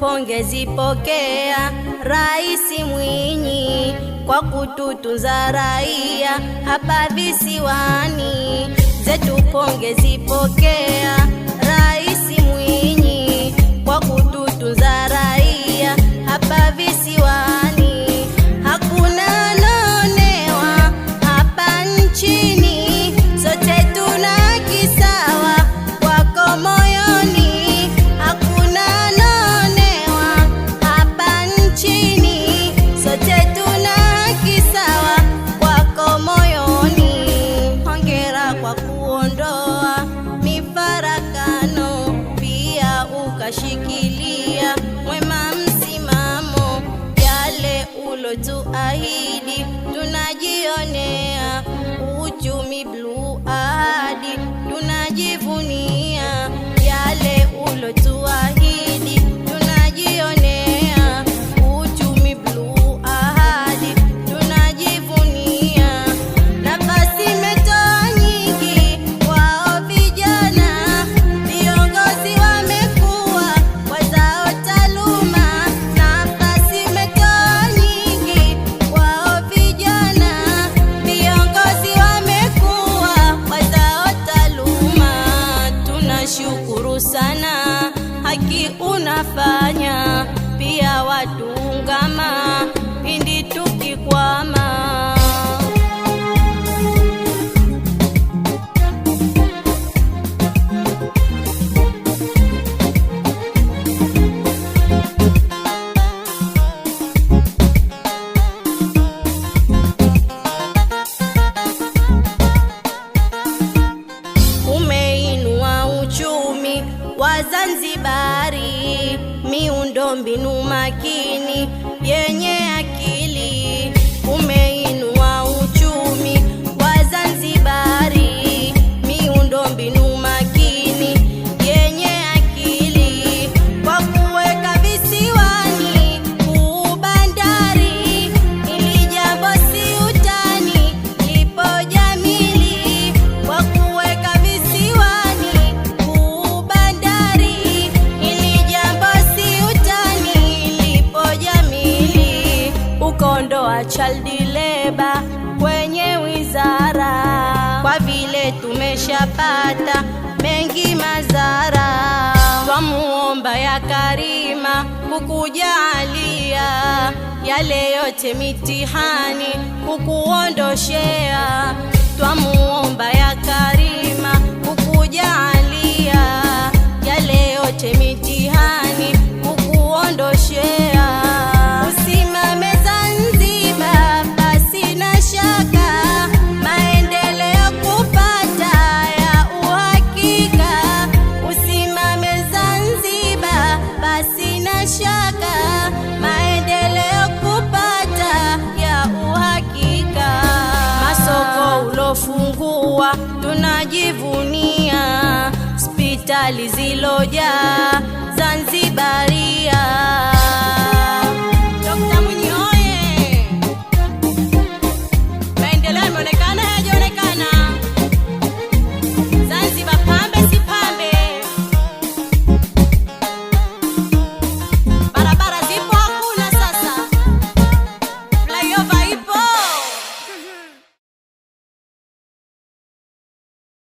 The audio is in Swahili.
pongezi pokea Rais Mwinyi kwa kututunza raia hapa visiwani, zetu pongezi pokea I shukuru sana, haki unafanya pia watuungama pindi tukikwa miundo mbinu makini yenye wa child kwenye wizara, kwa vile tumeshapata mengi madhara. Twamuomba ya Karima kukujalia yale yote mitihani kukuondoshea. Twamuomba ya Karima kukujalia tuliofungua tunajivunia, hospitali zilojaa Zanzibari.